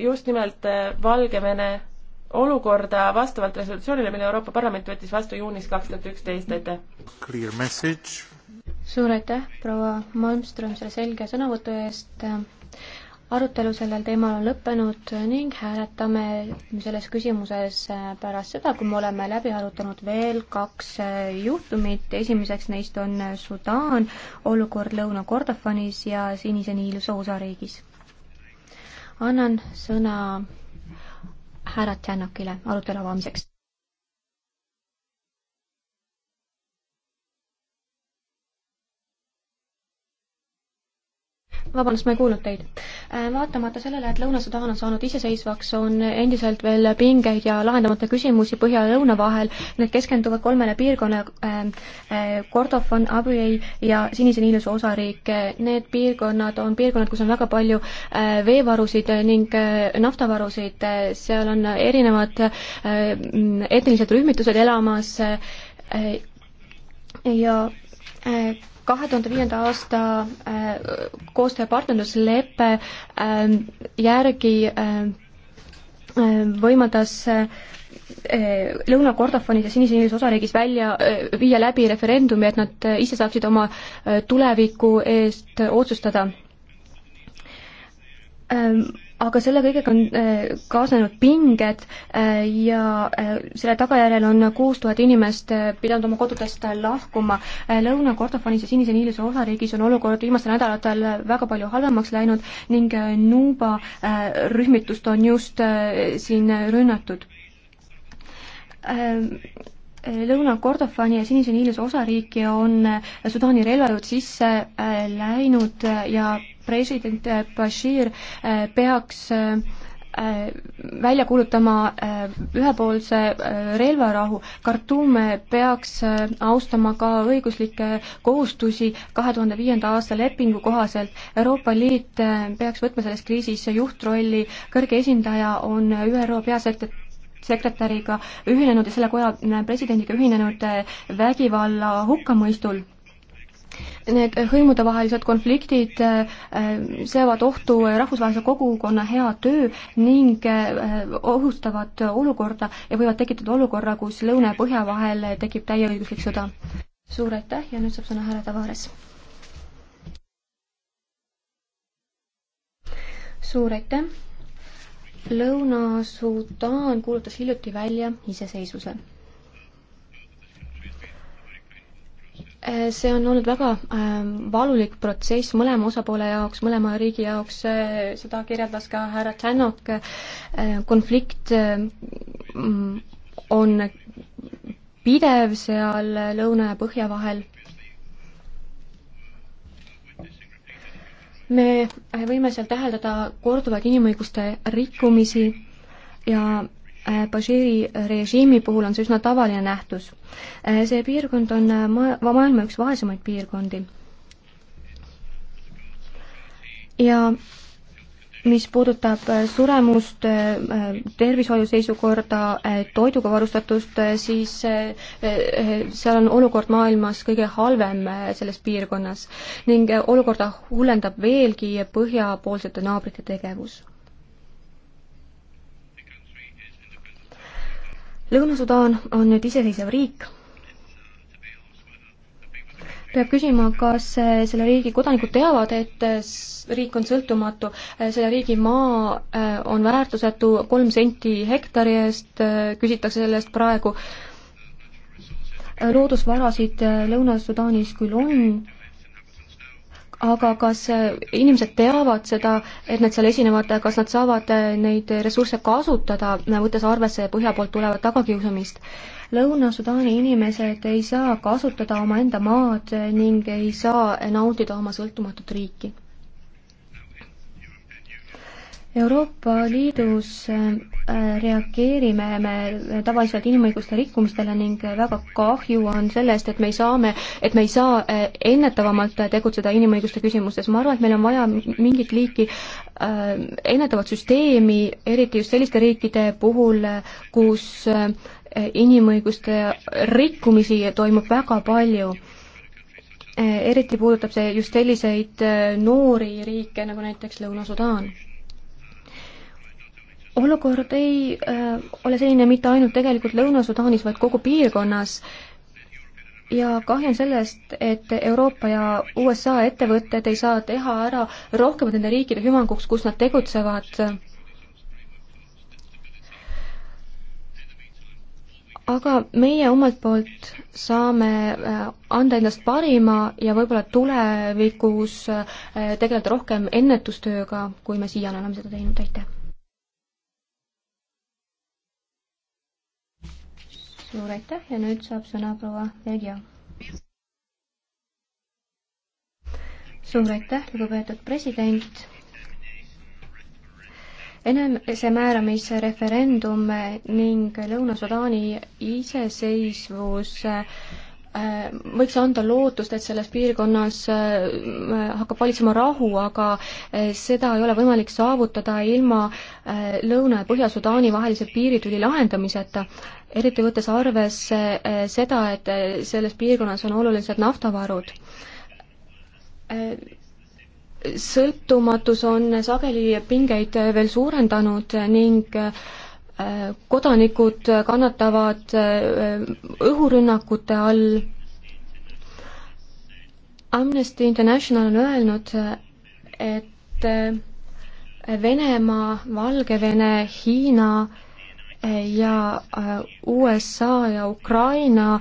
just nimelt äh, Valgevene olukorda vastavalt resolutsioonile, mille Euroopa Parlament võttis vastu juunis kaks tuhat üksteist, aitäh! suur aitäh, proua Malmström, selle selge sõnavõtu eest! arutelu sellel teemal on lõppenud ning hääletame selles küsimuses äh, pärast seda, kui me oleme läbi arutanud veel kaks äh, juhtumit. esimeseks neist on Sudaan, olukord Lõuna-Kordofanis ja Sinise Niilu soosariigis annan sõna härra Tänakile arutelu avamiseks. vabandust, ma ei kuulnud teid. Äh, vaatamata sellele, et Lõuna-Sudaan on saanud iseseisvaks, on endiselt veel pingeid ja lahendamata küsimusi põhja ja lõuna vahel. Need keskenduvad kolmele piirkonnale, äh, äh, Kordofan, Abiey ja Sinise Niiluse osariik. Need piirkonnad on piirkonnad, kus on väga palju veevarusid ning naftavarusid, seal on erinevad etnilised rühmitused elamas ja kahe tuhande viienda aasta äh, koostöö- ja partnerluslepe ähm, järgi äh, äh, võimaldas Lõuna-Kordofanis ja Sinise-Niilis osariigis välja, viia läbi referendumi, et nad ise saaksid oma tuleviku eest otsustada Ähm, aga selle kõigega on äh, kaasnenud pinged äh, ja äh, selle tagajärjel on kuus tuhat inimest pidanud oma kodudest lahkuma. Lõuna-Kordofanis ja Sinise Niiluse osariigis on olukord viimastel nädalatel väga palju halvemaks läinud ning Nuba rühmitust on just siin rünnatud. Lõuna-Kordofani ja Sinise Niiluse osariiki on Sudaani relvajõud sisse läinud ja president äh, Bashir äh, peaks äh, välja kuulutama ühepoolse relvarahu. Khartoum peaks austama ka õiguslikke kohustusi kahe tuhande viienda aasta lepingu kohaselt. Euroopa Liit peaks võtma selles kriisis juhtrolli, kõrge esindaja on ÜRO peasekretär sekretäriga ühinenud ja selle koja presidendiga ühinenud vägivalla hukkamõistul Need hõimudevahelised konfliktid äh, seavad ohtu rahvusvahelise kogukonna hea töö ning äh, ohustavad olukorda ja võivad tekitada olukorra, kus lõuna ja põhja vahel tekib täieõiguslik sõda. suur aitäh ja nüüd saab sõna härra Tavares. suur aitäh. Lõuna-Sudaan kuulutas hiljuti välja iseseisvuse Äh, see on olnud väga ähm, valulik protsess mõlema osapoole jaoks, mõlema riigi jaoks, äh, seda kirjeldas ka härra Tänok, äh, konflikt mm, on pidev seal lõuna ja põhja vahel. me võime seal täheldada korduvaid inimõiguste rikkumisi ja Äh, Bashiri režiimi puhul on see üsna tavaline nähtus. Äh, see piirkond on äh, ma-, maailma üks vaesemaid piirkondi. ja mis puudutab suremust, tervishoiu seisukorda, toiduga varustatust, siis seal on olukord maailmas kõige halvem selles piirkonnas ning olukorda hullendab veelgi põhjapoolsete naabrite tegevus Lõuna-Sudaan on nüüd iseseisev riik. peab küsima, kas eh, selle riigi kodanikud teavad, et eh, riik on sõltumatu, eh, selle riigi maa on väärtusetu, kolm senti hektari eest küsitakse selle eest praegu. loodusvarasid Lõuna-Sudaanis küll on aga kas eh, inimesed teavad seda, et nad seal esinevad, kas nad saavad eh, neid ressursse kasutada, võttes arvesse põhja poolt tulevat tagakiusamist? Lõuna-Sudaani inimesed ei saa kasutada omaenda maad eh, ning ei saa nautida oma sõltumatut riiki Euroopa Liidus äh, reageerime me tavaliselt inimõiguste rikkumistele ning väga kahju on sellest, et me ei saame, et me ei saa äh, ennetavamalt tegutseda inimõiguste küsimustes, ma arvan, et meil on vaja mingit liiki äh, ennetavat süsteemi, eriti just selliste riikide puhul, kus inimõiguste rikkumisi toimub väga palju eriti puudutab see just selliseid noori riike nagu näiteks Lõuna-Sudaan olukord ei äh, ole selline mitte ainult tegelikult Lõuna-Sudaanis, vaid kogu piirkonnas ja kahju on sellest, et Euroopa ja USA ettevõtted ei saa teha ära rohkemat nende riikide hüvanguks, kus nad tegutsevad. aga meie omalt poolt saame äh, anda endast parima ja võib-olla tulevikus äh, tegeleda rohkem ennetustööga, kui me siiani oleme seda teinud, aitäh! suur aitäh ja nüüd saab sõna proua Vergio. suur aitäh, lugupeetud president. enesemääramise referendum ning Lõuna-Sudaani iseseisvus Äh, võiks anda lootust, et selles piirkonnas äh, hakkab valitsema rahu, aga äh, seda ei ole võimalik saavutada ilma Lõuna- ja Põhja-Sudaani vahelise piiritüli lahendamiseta, eriti võttes arvesse seda, et selles piirkonnas on olulised naftavarud sõltumatus on sageli pingeid veel suurendanud ning kodanikud kannatavad äh, õhurünnakute all. Amnesty International on öelnud, et äh, Venemaa, Valgevene, Hiina äh, ja USA ja Ukraina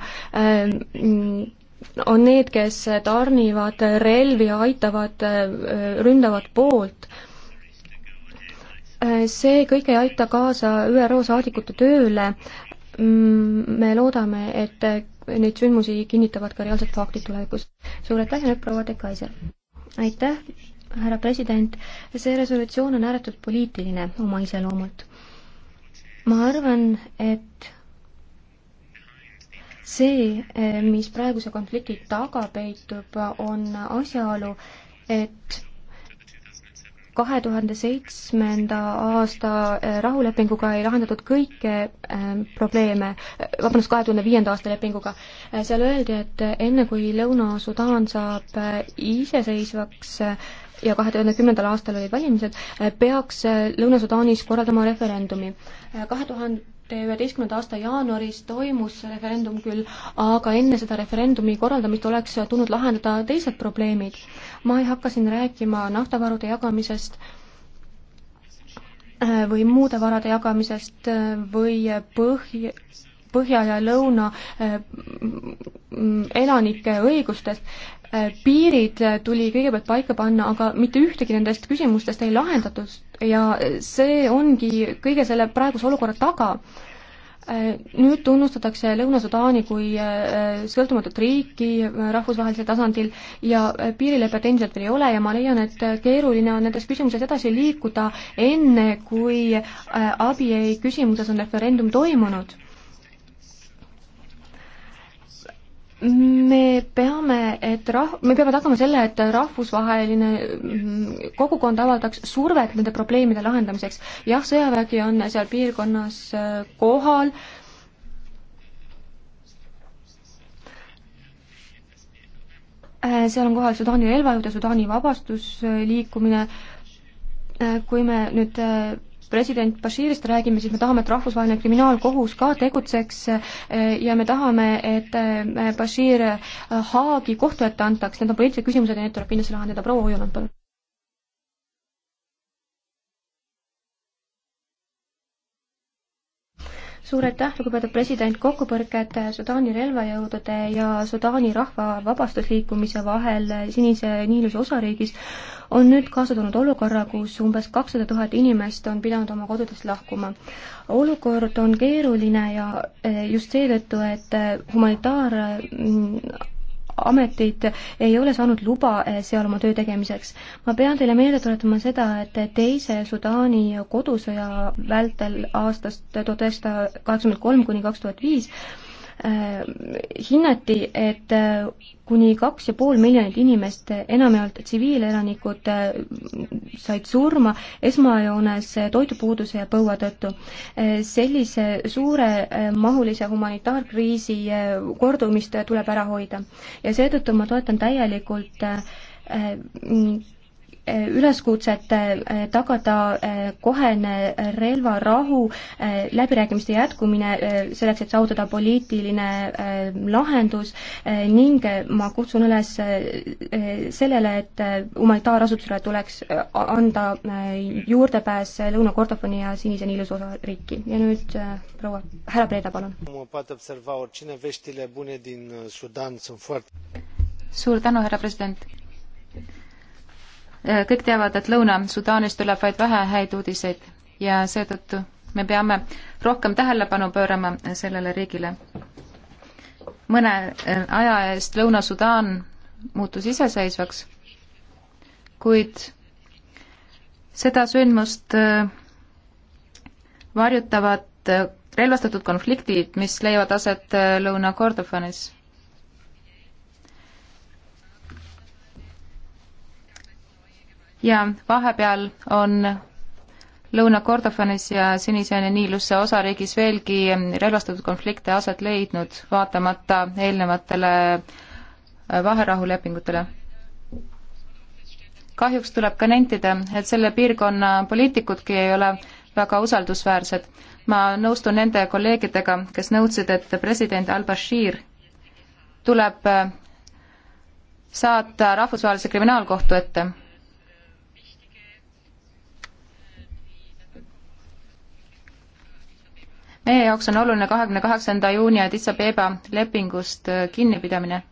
on need, kes tarnivad relvi ja aitavad ründavat poolt see kõik ei aita kaasa ÜRO saadikute tööle, mm, me loodame, et neid sündmusi kinnitavad ka reaalsed faktid tulevikus. suur aitäh, proua De Kaiser! aitäh, härra president, see resolutsioon on ääretult poliitiline oma iseloomult. ma arvan, et see, eh, mis praeguse konflikti taga peitub, on asjaolu, et kahe tuhande seitsmenda aasta äh, rahulepinguga ei lahendatud kõiki äh, probleeme, äh, vabandust, kahe tuhande viienda aasta lepinguga. seal öeldi, et enne kui Lõuna-Sudaan saab iseseisvaks ja kahe tuhande kümnendal aastal olid valimised, peaks Lõuna-Sudaanis korraldama referendumi. kahe tuhande tuhande üheteistkümnenda aasta jaanuaris toimus referendum küll, aga enne seda referendumi korraldamist oleks tulnud lahendada teised probleemid. ma ei hakka siin rääkima naftavarude jagamisest äh, või muude varade jagamisest äh, või põhi, põhja ja lõuna äh, elanike õigustest. Äh, piirid äh, tuli kõigepealt paika panna, aga mitte ühtegi nendest küsimustest ei lahendatud ja see ongi kõige selle praeguse olukorra taga Nüüd tunnustatakse Lõuna-Sudaani kui sõltumatut riiki rahvusvahelisel tasandil ja piirilepet endiselt veel ei ole ja ma leian, et keeruline on nendes küsimuses edasi liikuda enne, kui abiei küsimuses on referendum toimunud. me peame, et rah-, me peame tagama selle, et rahvusvaheline mm, kogukond avaldaks survet nende probleemide lahendamiseks. jah, sõjavägi on seal piirkonnas äh, kohal, äh, seal on kohal Sudaani relvajõud ja Sudaani vabastusliikumine, äh, kui me nüüd president Bashirist räägime, siis me tahame, et rahvusvaheline kriminaalkohus ka tegutseks eh, ja me tahame, et eh, Bashir eh, Haagi kohtu ette antaks, need on poliitilised küsimused ja need tuleb kindlasti lahendada, proua Ojuland, palun. suur aitäh, lugupeetud president, kokkupõrked Sudaani relvajõudude ja Sudaani rahva vabastusliikumise vahel Sinise Niiluse osariigis on nüüd kaasa toonud olukorra, kus umbes kakssada tuhat inimest on pidanud oma kodudest lahkuma. olukord on keeruline ja eh, just seetõttu, et eh, humanitaar mm, ametid ei ole saanud luba eh, seal oma töö tegemiseks. ma pean teile meelde tuletama seda, et teise Sudaani kodusõja vältel aastast tuhat üheksasada kaheksakümmend kolm kuni kaks tuhat viis Äh, hinnati, et äh, kuni kaks ja pool miljonit inimest, enamjaolt tsiviilelanikud, äh, said surma esmajoones toidupuuduse ja põua tõttu. sellise suuremahulise humanitaarkriisi kordumist tuleb ära hoida ja seetõttu ma toetan täielikult Eh, üleskutset eh, tagada eh, kohene relvarahu, läbirääkimiste jätkumine selleks, et saavutada poliitiline lahendus ning ma kutsun üles sellele, et humanitaarasutusele tuleks anda juurdepääs Lõuna-Kordofani ja Sinise Niiluse osariiki ja nüüd proua, härra Preeda, palun. suur tänu, härra president Äh, kõik teavad, et Lõuna-Sudaanis tuleb vaid vähe häid uudiseid ja seetõttu me peame rohkem tähelepanu pöörama sellele riigile. mõne äh, aja eest Lõuna-Sudaan muutus iseseisvaks, kuid seda sündmust äh, varjutavad relvastatud konfliktid, mis leiavad aset Lõuna-Kordofanis ja vahepeal on Lõuna-Kordofanis ja Sinise Niiluse osariigis veelgi relvastatud konflikte aset leidnud, vaatamata eelnevatele äh, vaherahulepingutele. kahjuks tuleb ka nentida, et selle piirkonna poliitikudki ei ole väga usaldusväärsed. ma nõustun nende kolleegidega, kes nõudsid, et president al-Bashir tuleb äh, saata rahvusvahelise kriminaalkohtu ette meie jaoks on oluline kahekümne kaheksanda juuni Addis Abeba lepingust äh, kinnipidamine.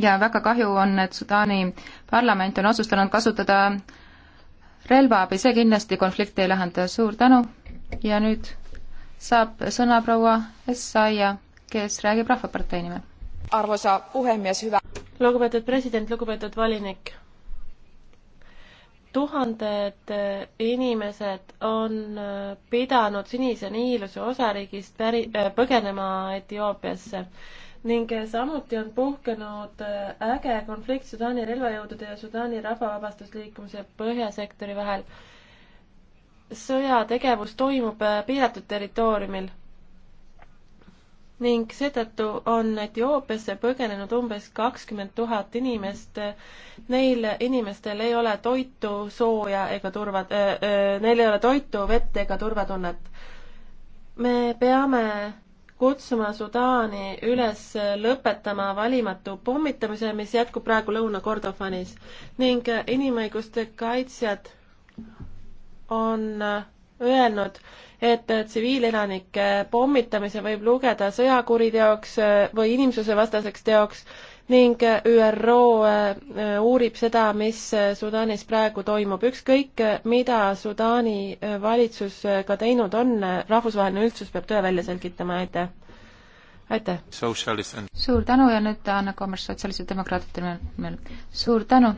ja väga kahju on, et Sudaani parlament on otsustanud kasutada relvaabi, see kindlasti konflikti ei lahenda, suur tänu ja nüüd saab sõna proua Essaia, kes räägib Rahvapartei nimel. arvoisa puhemees, hüva. lugupeetud president, lugupeetud volinik tuhanded äh, inimesed on äh, pidanud Sinise Niiluse osariigist päri-, äh, põgenema Etioopiasse ning samuti on puhkenud äge konflikt Sudaani relvajõudude ja Sudaani rahvavabastusliikumise põhjasektori vahel. sõjategevus toimub piiratud territooriumil ning seetõttu on Etioopiasse põgenenud umbes kakskümmend tuhat inimest. Neil inimestel ei ole toitu, sooja ega turva äh, äh,, neil ei ole toitu, vett ega turvatunnet. me peame kutsuma Sudaani üles lõpetama valimatu pommitamise, mis jätkub praegu Lõuna-Kordofanis ning inimõiguste kaitsjad on öelnud, et tsiviilelanike pommitamise võib lugeda sõjakuriteoks või inimsusevastaseks teoks ning ÜRO äh, uurib seda, mis Sudaanis praegu toimub. ükskõik, mida Sudaani äh, valitsus äh, ka teinud on, rahvusvaheline üldsus peab tõe välja selgitama, aitäh! aitäh! suur tänu ja nüüd Anna Kommers sotsialistide demokraatide nimel. suur tänu!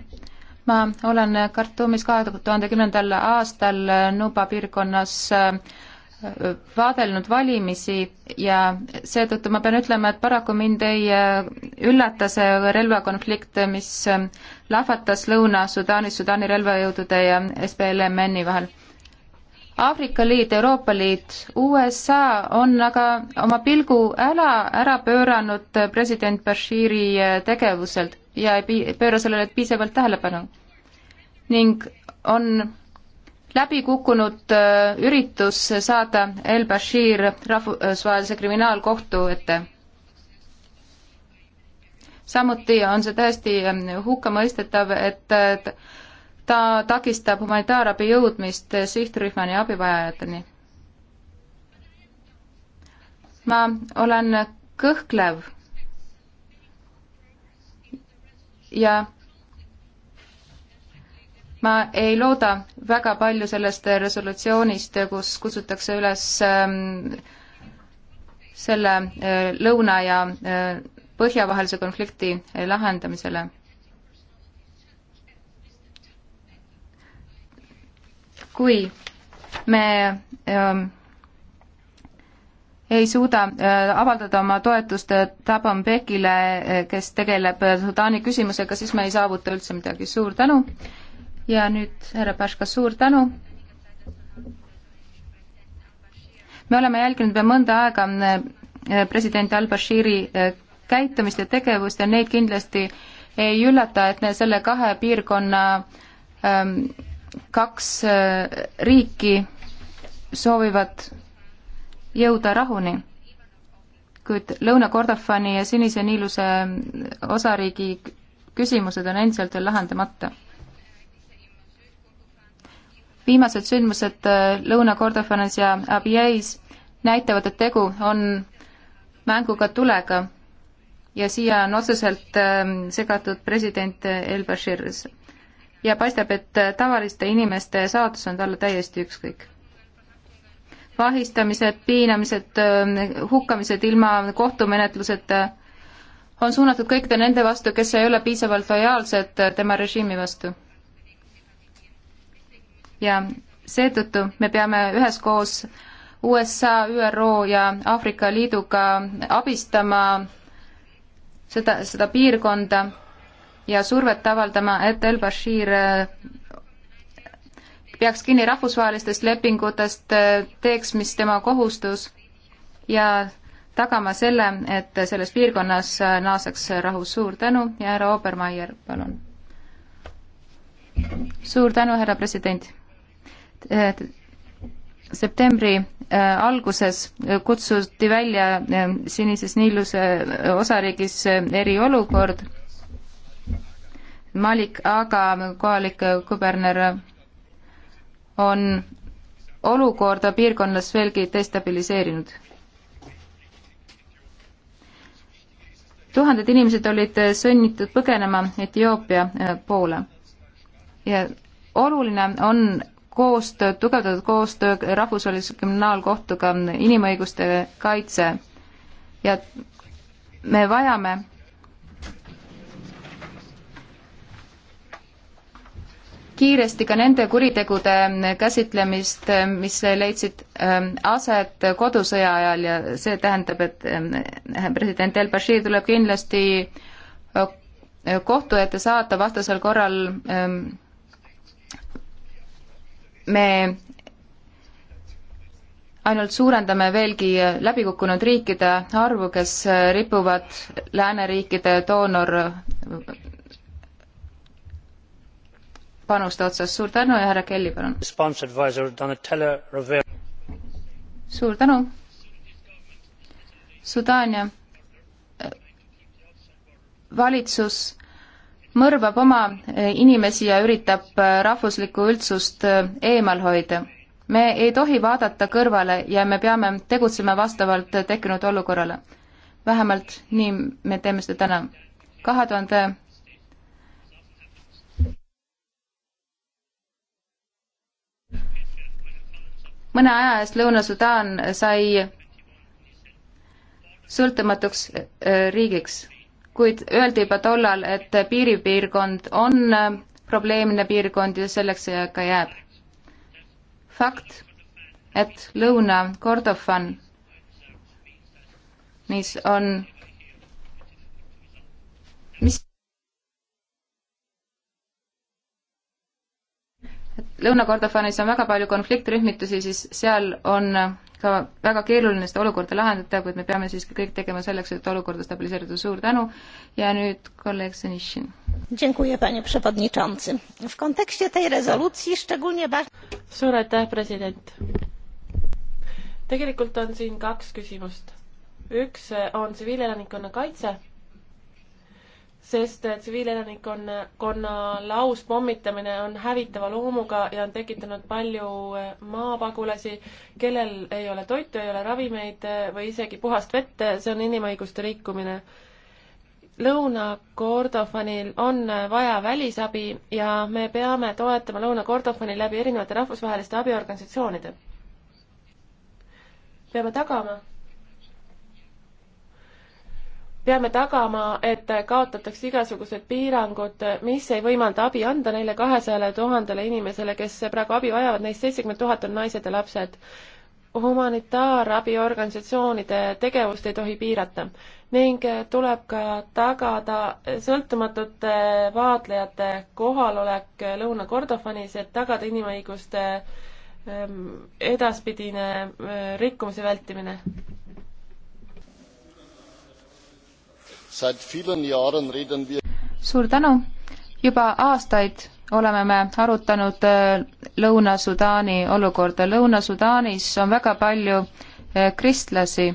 ma olen Khartoumis kahe tuhande kümnendal aastal Nuba piirkonnas äh, vaadelnud valimisi ja seetõttu ma pean ütlema, et paraku mind ei äh, üllata see relvakonflikt, mis äh, lahvatas Lõuna-Sudaanis Sudaani relvajõudude ja SPLMN-i vahel. Aafrika Liit, Euroopa Liit, USA on aga oma pilgu ära, ära pööranud president Bashiri tegevuselt ja ei pööra sellele piisavalt tähelepanu. ning on läbi kukkunud äh, üritus saada El Bashir rahvusvahelise äh, kriminaalkohtu ette. samuti on see täiesti äh, hukkamõistetav, et ta takistab humanitaarabi jõudmist sihtrühmani abivajajateni. ma olen kõhklev ja ma ei looda väga palju sellest resolutsioonist, kus kutsutakse üles ähm, selle äh, lõuna ja äh, põhja vahelise konflikti äh, lahendamisele. kui me ähm, ei suuda äh, avaldada oma toetust äh, Tabam Bekile, äh, kes tegeleb Sudaani küsimusega, siis me ei saavuta üldse midagi. suur tänu ja nüüd härra Paška, suur tänu. me oleme jälginud juba mõnda aega president al-Bashiri käitumist ja tegevust ja neid kindlasti ei üllata, et selle kahe piirkonna ähm, kaks riiki soovivad jõuda rahuni. kuid Lõuna-Kordofani ja Sinise Niiluse osariigi küsimused on endiselt veel lahendamata. viimased sündmused äh, Lõuna-Kordofanis ja Abieis näitavad, et tegu on mänguga tulega ja siia on otseselt ähm, segatud president äh, El Bashir ja paistab, et äh, tavaliste inimeste saatus on talle täiesti ükskõik vahistamised, piinamised, äh, hukkamised ilma kohtumenetluseta on suunatud kõikide nende vastu, kes ei ole piisavalt lojaalsed äh, tema režiimi vastu. ja seetõttu me peame üheskoos USA, ÜRO ja Aafrika Liiduga abistama seda, seda piirkonda ja survet avaldama, et El Bashir äh, peaks kinni rahvusvahelistest lepingutest, teeks, mis tema kohustus ja tagama selle, et selles piirkonnas naaseks rahu. suur tänu ja härra Obermeier, palun. suur tänu, härra president. septembri äh, alguses äh, kutsuti välja äh, Sinises Niiluse osariigis eriolukord. Malik Aga, kohalik kuberner on olukorda piirkonnas veelgi destabiliseerinud. tuhanded inimesed olid sunnitud põgenema Etioopia äh, poole ja oluline on koostöö, tugevdatud koostöö Rahvusvahelise Kriminaalkohtuga, inimõiguste kaitse ja me vajame kiiresti ka nende kuritegude käsitlemist, mis leidsid ähm, aset kodusõja ajal ja see tähendab, et ähm, president el-Bashir tuleb kindlasti äh, kohtu ette saata, vastasel korral ähm, me ainult suurendame veelgi läbikukkunud riikide arvu, kes äh, ripuvad lääneriikide doonor panuste otsas. suur tänu ja härra Kelly, palun. suur tänu. Sudaania eh, valitsus mõrvab oma eh, inimesi ja üritab eh, rahvuslikku üldsust eemal hoida. me ei tohi vaadata kõrvale ja me peame tegutsema vastavalt tekkinud olukorrale. vähemalt nii me teeme seda täna. kahe tuhande mõne aja eest Lõuna-Sudaan sai sõltumatuks äh, riigiks, kuid öeldi juba tollal, et piiripiirkond on äh, probleemne piirkond ja selleks see ka jääb. fakt, et Lõuna-Kordofan mis on, mis Lõuna-Kordofanis on väga palju konfliktrühmitusi, siis seal on ka väga keeruline seda olukorda lahendada, kuid me peame siiski kõik tegema selleks, et olukorda stabiliseerida, suur tänu ja nüüd kolleeg Senišin. suur aitäh, president! tegelikult on siin kaks küsimust. üks on tsiviilelanikkonna kaitse sest tsiviilelanikkonna, konna laus pommitamine on hävitava loomuga ja on tekitanud palju eh, maapagulasi, kellel ei ole toitu, ei ole ravimeid eh, või isegi puhast vett, eh, see on inimõiguste rikkumine. Lõuna-Kordofanil on vaja välisabi ja me peame toetama Lõuna-Kordofani läbi erinevate rahvusvaheliste abiorganisatsioonide. peame tagama, peame tagama, et kaotatakse igasugused piirangud, mis ei võimalda abi anda neile kahesajale tuhandele inimesele, kes praegu abi vajavad, neist seitsekümmend tuhat on naised ja lapsed. humanitaarabiorganisatsioonide tegevust ei tohi piirata ning tuleb ka tagada sõltumatute vaatlejate kohalolek Lõuna-Kordofanis, et tagada inimõiguste ehm, edaspidine ehm, rikkumise vältimine. suur tänu! juba aastaid oleme me arutanud äh, Lõuna-Sudaani olukorda. Lõuna-Sudaanis on väga palju äh, kristlasi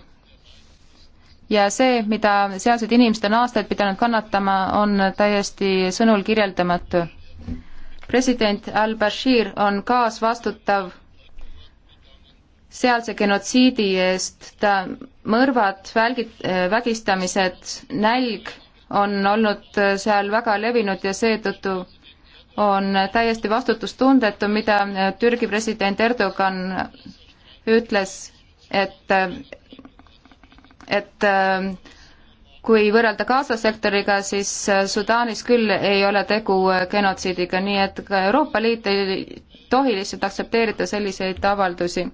ja see, mida sealsed inimesed on aastaid pidanud kannatama, on täiesti sõnul kirjeldamatu. president al-Bashir on kaasvastutav sealse genotsiidi eest, ta mõrvad, välgid, vägistamised, nälg on olnud seal väga levinud ja seetõttu on täiesti vastutustundetu, mida Türgi president Erdogan ütles, et, et kui võrrelda Gaza sektoriga, siis Sudaanis küll ei ole tegu genotsiidiga, nii et ka Euroopa Liit ei tohi lihtsalt aktsepteerida selliseid avaldusi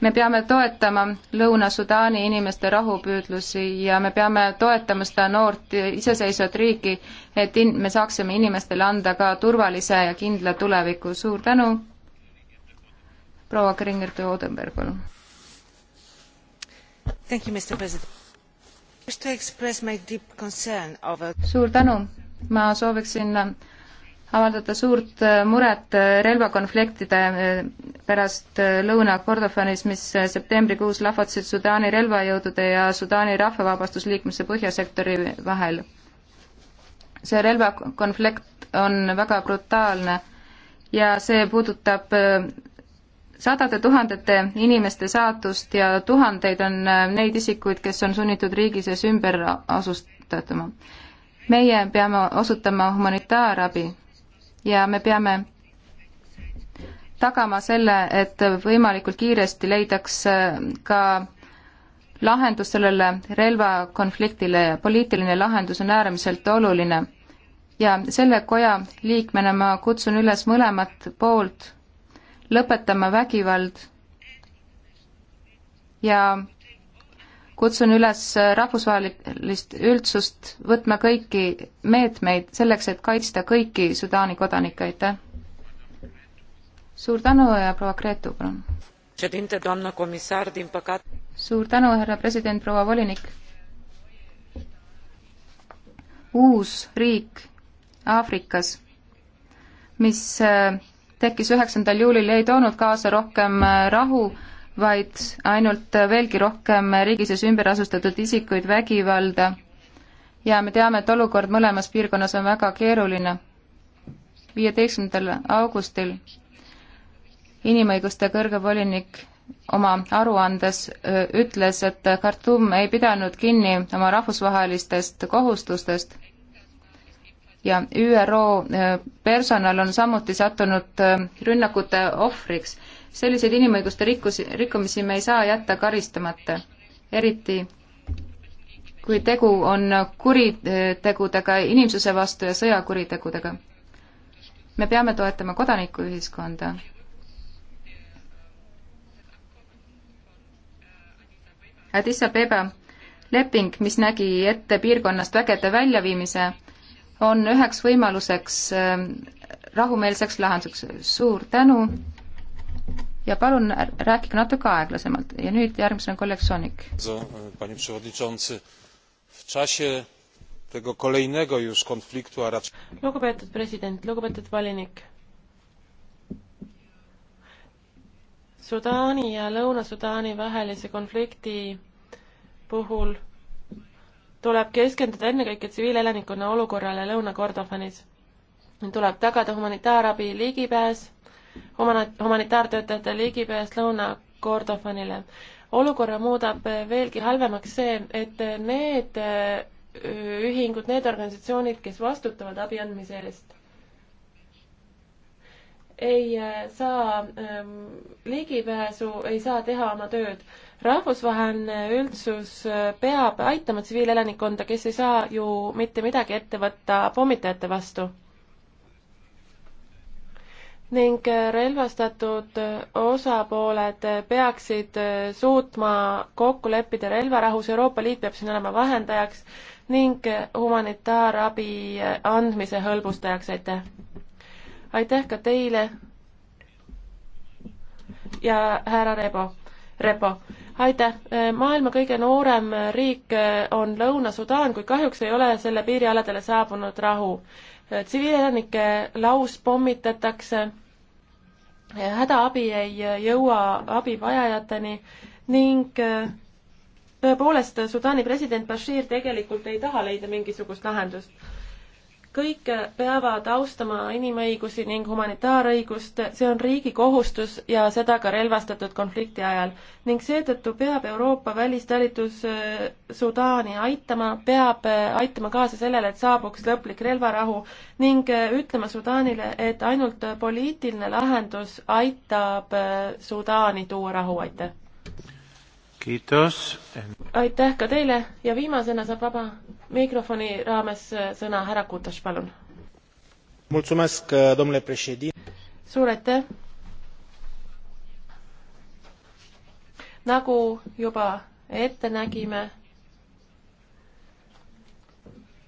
me peame toetama Lõuna-Sudaani inimeste rahupüüdlusi ja me peame toetama seda noort iseseisvat riiki, et in-, me saaksime inimestele anda ka turvalise ja kindla tuleviku. suur tänu, proua Kringer-Toodenberg, palun. suur tänu, ma sooviksin avaldada suurt äh, muret äh, relvakonfliktide äh, pärast Lõuna-Kordofanis, mis septembrikuus lahvatsid Sudaani relvajõudude ja Sudaani rahvavabastusliikmese põhjasektori vahel. see relvakonflikt on väga brutaalne ja see puudutab sadade tuhandete inimeste saatust ja tuhandeid on neid isikuid, kes on sunnitud riigi sees ümber asustatuma. meie peame osutama humanitaarabi ja me peame tagama selle, et võimalikult kiiresti leidaks äh, ka lahendus sellele relvakonfliktile ja poliitiline lahendus on äärmiselt oluline. ja selle koja liikmena ma kutsun üles mõlemat poolt lõpetama vägivald ja kutsun üles rahvusvahelist üldsust võtma kõiki meetmeid selleks, et kaitsta kõiki Sudaani kodanikke, aitäh! suur tänu ja proua Gretu, palun! suur tänu, härra president, proua volinik! uus riik Aafrikas, mis äh, tekkis üheksandal juulil, ei toonud kaasa rohkem äh, rahu, vaid ainult veelgi rohkem riigises ümber asustatud isikuid vägivalda. ja me teame, et olukord mõlemas piirkonnas on väga keeruline. viieteistkümnendal augustil inimõiguste kõrge volinik oma aruandes ütles, et Khartoum ei pidanud kinni oma rahvusvahelistest kohustustest ja ÜRO personal on samuti sattunud rünnakute ohvriks selliseid inimõiguste rikkusi, rikkumisi me ei saa jätta karistamata, eriti kui tegu on kuritegudega inimsuse vastu ja sõjakuritegudega. me peame toetama kodanikuühiskonda. Addis Abeba leping, mis nägi ette piirkonnast vägede väljaviimise, on üheks võimaluseks äh, rahumeelseks lahenduseks. suur tänu ja palun rääkige natuke aeglasemalt ja nüüd järgmisena kolleeg Sonik. lugupeetud president, lugupeetud volinik. Sudaani ja Lõuna-Sudaani vahelise konflikti puhul tuleb keskenduda ennekõike tsiviilelanikkonna olukorrale Lõuna-Kordofanis. tuleb tagada humanitaarabi ligipääs humana-, humanitaartöötajate ligipääs Lõuna-Kordofanile. olukorra muudab eh, veelgi halvemaks see, et eh, need eh, ühingud, need organisatsioonid, kes vastutavad abi andmise eest, ei saa ähm, ligipääsu, ei saa teha oma tööd. rahvusvaheline üldsus peab aitama tsiviilelanikkonda, kes ei saa ju mitte midagi ette võtta pommitajate vastu ning relvastatud osapooled peaksid suutma kokku leppida relvarahus, Euroopa Liit peab siin olema vahendajaks ning humanitaarabi andmise hõlbustajaks, aitäh! aitäh ka teile ja härra Rebo, Repo, aitäh! maailma kõige noorem riik on Lõuna-Sudaan, kuid kahjuks ei ole selle piirialadele saabunud rahu tsiviilelanike lauspommitatakse, hädaabi ei jõua abivajajateni ning tõepoolest, Sudaani president Bashir tegelikult ei taha leida mingisugust lahendust kõik peavad austama inimõigusi ning humanitaarõigust, see on riigi kohustus ja seda ka relvastatud konflikti ajal. ning seetõttu peab Euroopa välistalitus äh, Sudaani aitama, peab äh, aitama kaasa sellele, et saabuks lõplik relvarahu ning äh, ütlema Sudaanile, et ainult poliitiline lahendus aitab Sudaani tuua rahu, aitäh! aitäh ka teile ja viimasena saab vaba mikrofoni raames sõna härra Kutas, palun. suur aitäh. nagu juba ette nägime,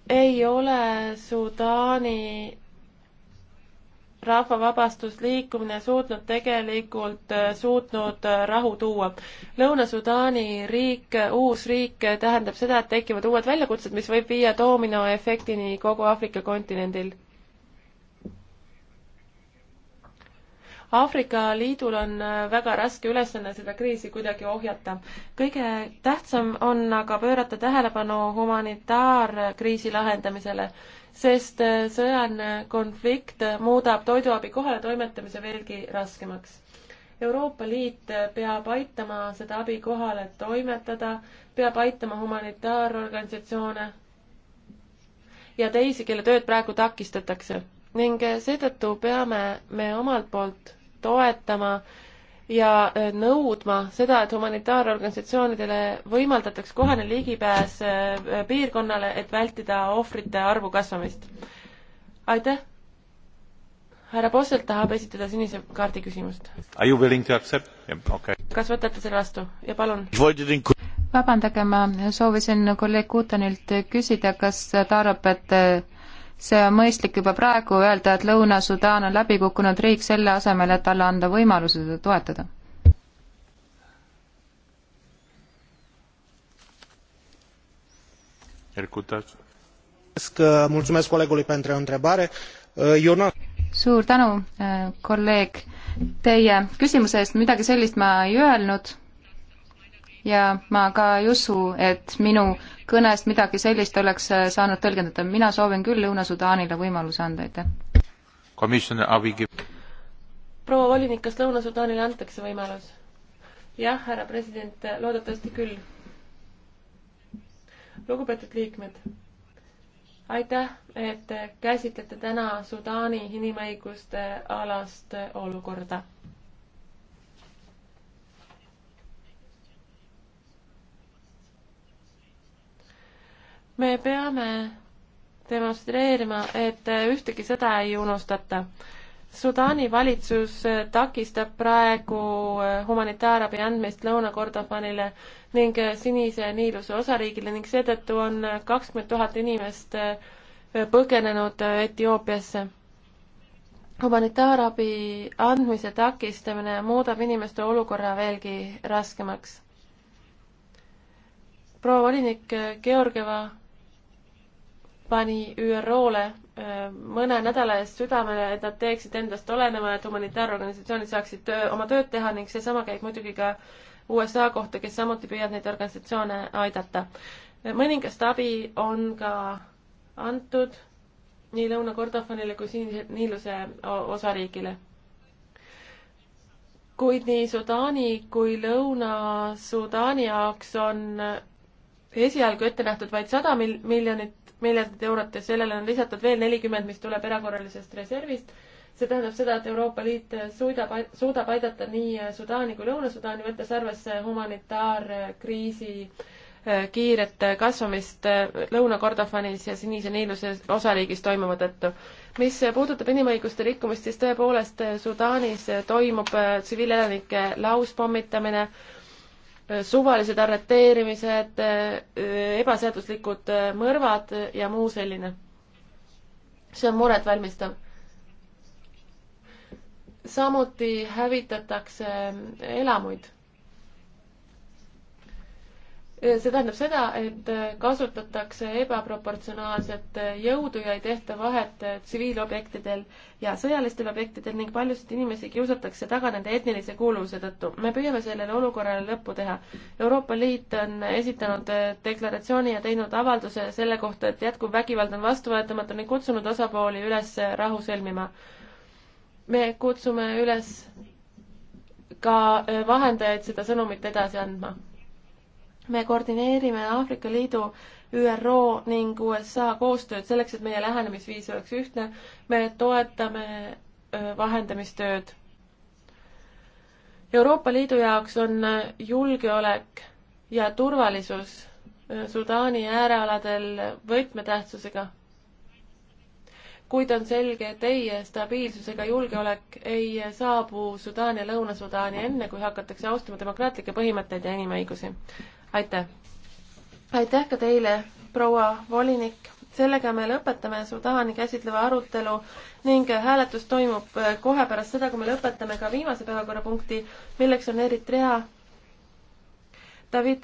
ei ole Sudaani rahvavabastusliikumine suutnud tegelikult, äh, suutnud äh, rahu tuua. Lõuna-Sudaani riik, äh, uus riik tähendab seda, et tekivad uued väljakutsed, mis võib viia dominoefektini kogu Aafrika kontinendil Aafrika Liidul on äh, väga raske ülesanne seda kriisi kuidagi ohjata. kõige tähtsam on aga pöörata tähelepanu humanitaarkriisi lahendamisele, sest äh, sõjaline konflikt muudab toiduabi kohaletoimetamise veelgi raskemaks Euroopa Liit äh, peab aitama seda abi kohale toimetada, peab aitama humanitaarorganisatsioone ja teisi, kelle tööd praegu takistatakse. ning seetõttu peame me omalt poolt toetama ja äh, nõudma seda, et humanitaarorganisatsioonidele võimaldataks kohane ligipääs äh, piirkonnale, et vältida ohvrite arvu kasvamist. aitäh! härra Posselt tahab esitada sinise kaardi küsimust. Yeah, okay. kas võtate selle vastu ja palun? vabandage, ma soovisin kolleeg Kutanilt küsida, kas ta arvab, et see on mõistlik juba praegu öelda, et Lõuna-Sudaan on läbi kukkunud riik, selle asemel, et talle anda võimaluse seda toetada. Eh, suur tänu, eh, kolleeg, teie küsimuse eest, midagi sellist ma ei öelnud ja ma ka ei usu, et minu kõnest midagi sellist oleks äh, saanud tõlgendada. mina soovin küll Lõuna-Sudaanile võimaluse anda, aitäh. proua volinik, kas Lõuna-Sudaanile antakse võimalus? jah, härra president, loodetavasti küll. lugupeetud liikmed, aitäh, et käsitlete täna Sudaani inimõiguste alast olukorda me peame demonstreerima, et ühtegi sõda ei unustata. Sudaani valitsus takistab praegu humanitaarabi andmist Lõuna-Kordofanile ning Sinise Niiluse osariigile ning seetõttu on kakskümmend tuhat inimest põgenenud Etioopiasse. humanitaarabi andmise takistamine muudab inimeste olukorra veelgi raskemaks. proua volinik Georgieva pani ÜRO-le äh, mõne nädala eest südamele, et nad teeksid endast oleneva, et humanitaarorganisatsioonid saaksid töö, oma tööd teha ning seesama käib muidugi ka USA kohta, kes samuti püüab neid organisatsioone aidata. mõningast abi on ka antud nii Lõuna-Kordofanile kui siin Niiluse osariigile. kuid nii Sudaani kui Lõuna-Sudaani jaoks on esialgu ette nähtud vaid sada mil-, miljonit miljardit eurot ja sellele on lisatud veel nelikümmend, mis tuleb erakorralisest reservist. see tähendab seda, et Euroopa Liit suudab, suudab aidata nii Sudaani kui Lõuna-Sudaani, võttes arvesse humanitaarkriisi eh, kiiret kasvamist eh, Lõuna-Kordofanis ja Sinise Niiluse osariigis toimuva tõttu. mis puudutab inimõiguste rikkumist, siis tõepoolest Sudaanis toimub eh, tsiviilelanike lauspommitamine suvalised arreteerimised, ebaseaduslikud mõrvad ja muu selline. see on muretvalmistav. samuti hävitatakse elamuid Äh, see tähendab seda, et äh, kasutatakse ebaproportsionaalset äh, jõudu ja ei tehta vahet tsiviilobjektidel ja sõjalistel objektidel ning paljusid inimesi kiusatakse taga nende etnilise kuuluvuse tõttu. me püüame sellele olukorrale lõppu teha. Euroopa Liit on esitanud deklaratsiooni ja teinud avalduse selle kohta, et jätkuv vägivald on vastuvõetamatu ning kutsunud osapooli üles rahu sõlmima. me kutsume üles ka vahendajaid seda sõnumit edasi andma me koordineerime Aafrika Liidu, ÜRO ning USA koostööd selleks, et meie lähenemisviis oleks ühtne. me toetame vahendamistööd. Euroopa Liidu jaoks on julgeolek ja turvalisus Sudaani äärealadel võtmetähtsusega. kuid on selge, et ei, stabiilsus ega julgeolek ei saabu Sudaan ja Lõuna-Sudaani enne, kui hakatakse austama demokraatlikke põhimõtteid ja inimõigusi aitäh! aitäh ka teile, proua volinik! sellega me lõpetame Sudaani käsitleva arutelu ning hääletus toimub kohe pärast seda, kui me lõpetame ka viimase päevakorrapunkti, milleks on Eritrea. David